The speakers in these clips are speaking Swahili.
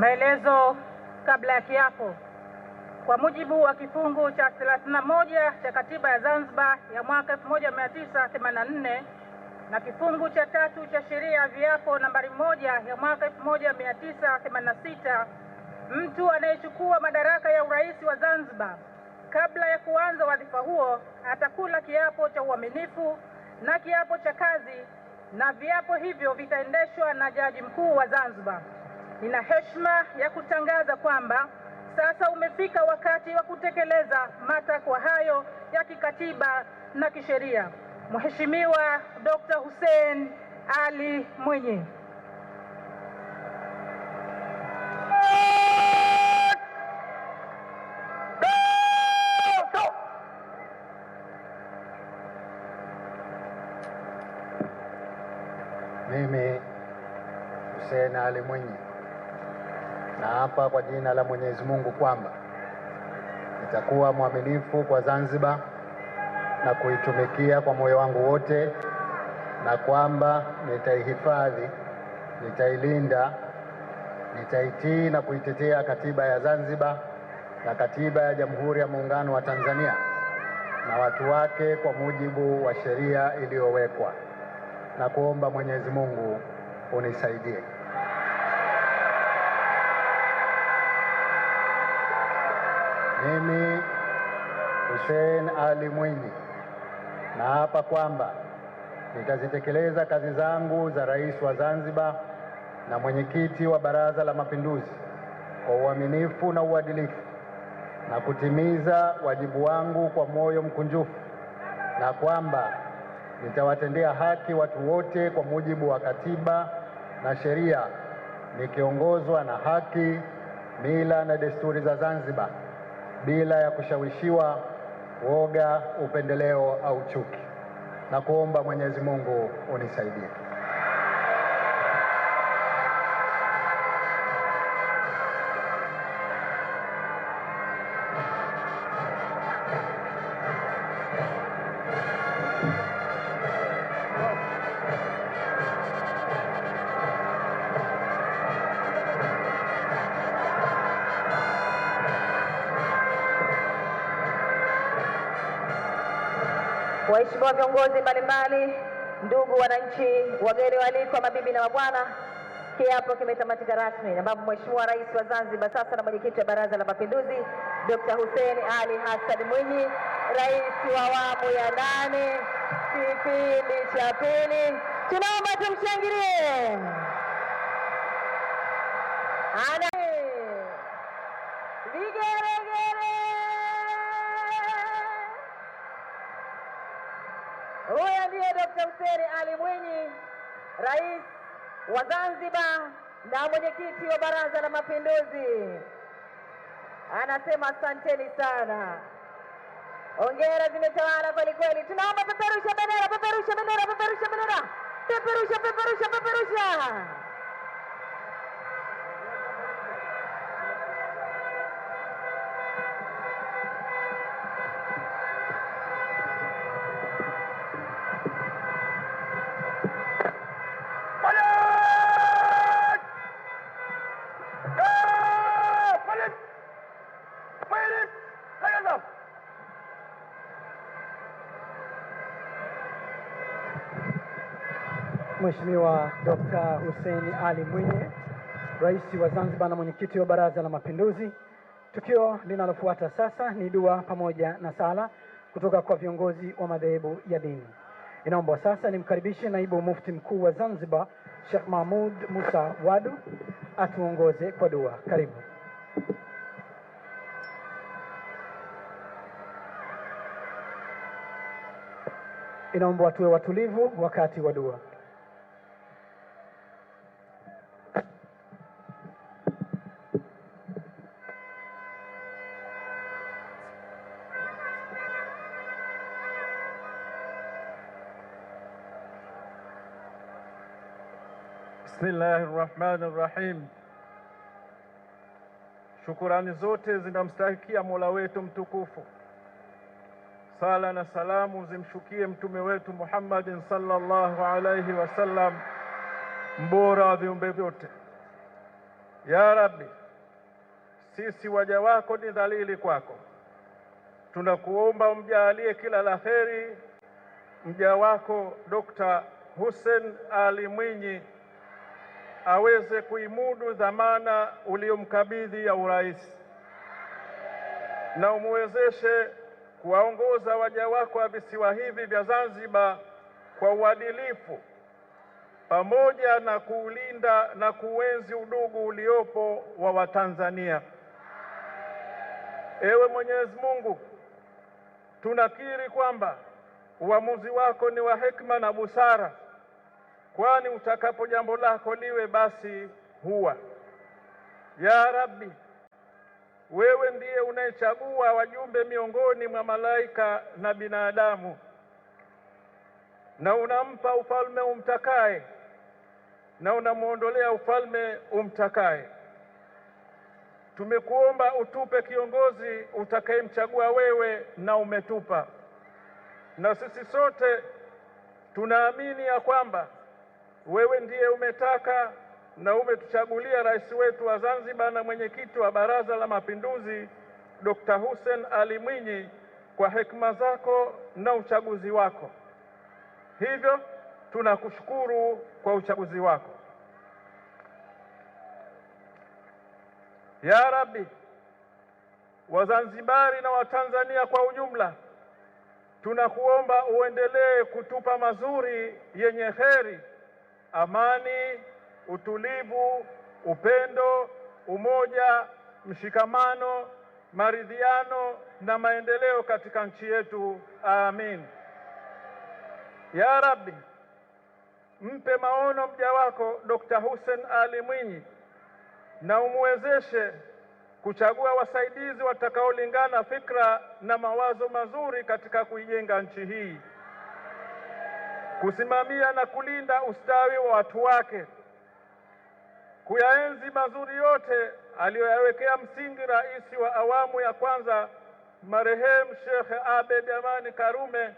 Maelezo kabla ya kiapo. Kwa mujibu wa kifungu cha 31 cha Katiba ya Zanzibar ya mwaka 1984 na kifungu cha tatu cha sheria ya viapo nambari moja ya mwaka 1986, mtu anayechukua madaraka ya urais wa Zanzibar kabla ya kuanza wadhifa huo atakula kiapo cha uaminifu na kiapo cha kazi, na viapo hivyo vitaendeshwa na Jaji Mkuu wa Zanzibar. Nina heshima ya kutangaza kwamba sasa umefika wakati wa kutekeleza matakwa hayo ya kikatiba na kisheria. Mheshimiwa Dr. Hussein Ali Mwinyi. Mimi Hussein Ali Mwinyi na hapa kwa jina la Mwenyezi Mungu kwamba nitakuwa mwaminifu kwa Zanzibar na kuitumikia kwa moyo wangu wote, na kwamba nitaihifadhi, nitailinda, nitaitii na kuitetea katiba ya Zanzibar na katiba ya Jamhuri ya Muungano wa Tanzania na watu wake kwa mujibu wa sheria iliyowekwa, na kuomba Mwenyezi Mungu unisaidie. Mimi Hussein Ali Mwinyi naapa kwamba nitazitekeleza kazi zangu za rais wa Zanzibar na mwenyekiti wa Baraza la Mapinduzi kwa uaminifu na uadilifu na kutimiza wajibu wangu kwa moyo mkunjufu, na kwamba nitawatendea haki watu wote kwa mujibu wa katiba na sheria, nikiongozwa na haki, mila na desturi za Zanzibar bila ya kushawishiwa, woga, upendeleo au chuki, na kuomba Mwenyezi Mungu unisaidie. Waheshimiwa viongozi mbalimbali, ndugu wananchi, wageni waalikwa, mabibi na mabwana, kiapo kimetamatika rasmi, ambapo Mheshimiwa Rais wa Zanzibar sasa na mwenyekiti wa Baraza la Mapinduzi Dr. Hussein Ali Hassan Mwinyi, rais wa awamu ya nane kipindi cha pili, tunaomba tumshangilie ana Dkt. Hussein Ali Mwinyi, rais wa Zanzibar na mwenyekiti wa Baraza la Mapinduzi, anasema asanteni sana, hongera zimetawala kwelikweli. Tunaomba peperusha bendera, peperusha bendera, peperusha bendera, peperusha, peperusha, peperusha. Mheshimiwa Dkt. Hussein Ali Mwinyi, Rais wa Zanzibar na Mwenyekiti wa Baraza la Mapinduzi. Tukio linalofuata sasa ni dua pamoja na sala kutoka kwa viongozi wa madhehebu ya dini. Inaomba sasa nimkaribishe Naibu Mufti Mkuu wa Zanzibar, Sheikh Mahmud Musa Wadu atuongoze kwa dua. Karibu. Inaomba watuwe watulivu wakati wa dua. Bismillahi rahmani rahim. Shukurani zote zinamstahikia Mola wetu mtukufu, sala na salamu zimshukie mtume wetu Muhammadin sallallahu alaihi wasallam, mbora wa viumbe vyote. Ya Rabbi, sisi waja wako ni dhalili kwako, tunakuomba umjaalie kila la heri mja wako Dr. Hussein Ali Mwinyi aweze kuimudu dhamana uliyomkabidhi ya urais, na umwezeshe kuwaongoza waja wako wa visiwa hivi vya Zanzibar kwa uadilifu, pamoja na kuulinda na kuenzi udugu uliopo wa Watanzania. Ewe Mwenyezi Mungu, tunakiri kwamba uamuzi wako ni wa hekima na busara kwani utakapo jambo lako liwe basi huwa. Ya Rabbi, wewe ndiye unayechagua wajumbe miongoni mwa malaika na binadamu, na unampa ufalme umtakaye na unamwondolea ufalme umtakaye. Tumekuomba utupe kiongozi utakayemchagua wewe, na umetupa, na sisi sote tunaamini ya kwamba wewe ndiye umetaka na umetuchagulia rais wetu wa Zanzibar na mwenyekiti wa Baraza la Mapinduzi Dr. Hussein Ali Mwinyi kwa hekima zako na uchaguzi wako. Hivyo tunakushukuru kwa uchaguzi wako. Ya Rabbi, Wazanzibari na Watanzania kwa ujumla, tunakuomba uendelee kutupa mazuri yenye heri amani, utulivu, upendo, umoja, mshikamano, maridhiano na maendeleo katika nchi yetu. Amin ya Rabbi. Mpe maono mja wako Dr. Hussein Ali Mwinyi na umwezeshe kuchagua wasaidizi watakaolingana fikra na mawazo mazuri katika kuijenga nchi hii kusimamia na kulinda ustawi wa watu wake, kuyaenzi mazuri yote aliyoyawekea msingi rais wa awamu ya kwanza marehemu Sheikh Abed Amani Karume,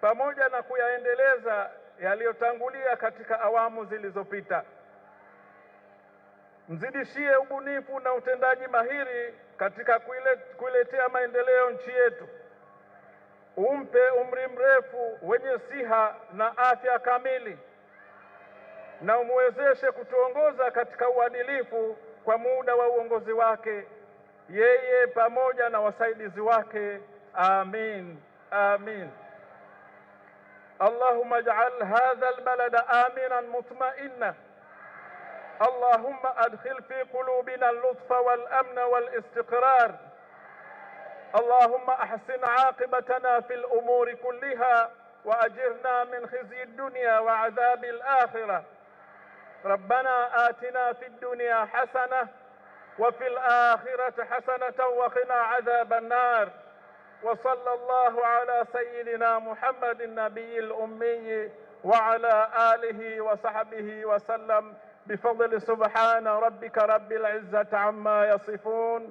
pamoja na kuyaendeleza yaliyotangulia katika awamu zilizopita. Mzidishie ubunifu na utendaji mahiri katika kuiletea maendeleo nchi yetu umpe umri mrefu wenye siha na afya kamili, na umwezeshe kutuongoza katika uadilifu kwa muda wa uongozi wake, yeye pamoja na wasaidizi wake. Amin, amin. Allahumma ij'al hadha albalada aminan mutma'inna Allahumma adkhil fi qulubina al-lutfa wal-amna wal-istiqrar اللهم احسن عاقبتنا في الامور كلها واجرنا من خزي الدنيا وعذاب الاخره ربنا اتنا في الدنيا حسنه وفي الاخره حسنه وقنا عذاب النار وصلى الله على سيدنا محمد النبي الامي وعلى اله وصحبه وسلم بفضل سبحان ربك رب العزه عما يصفون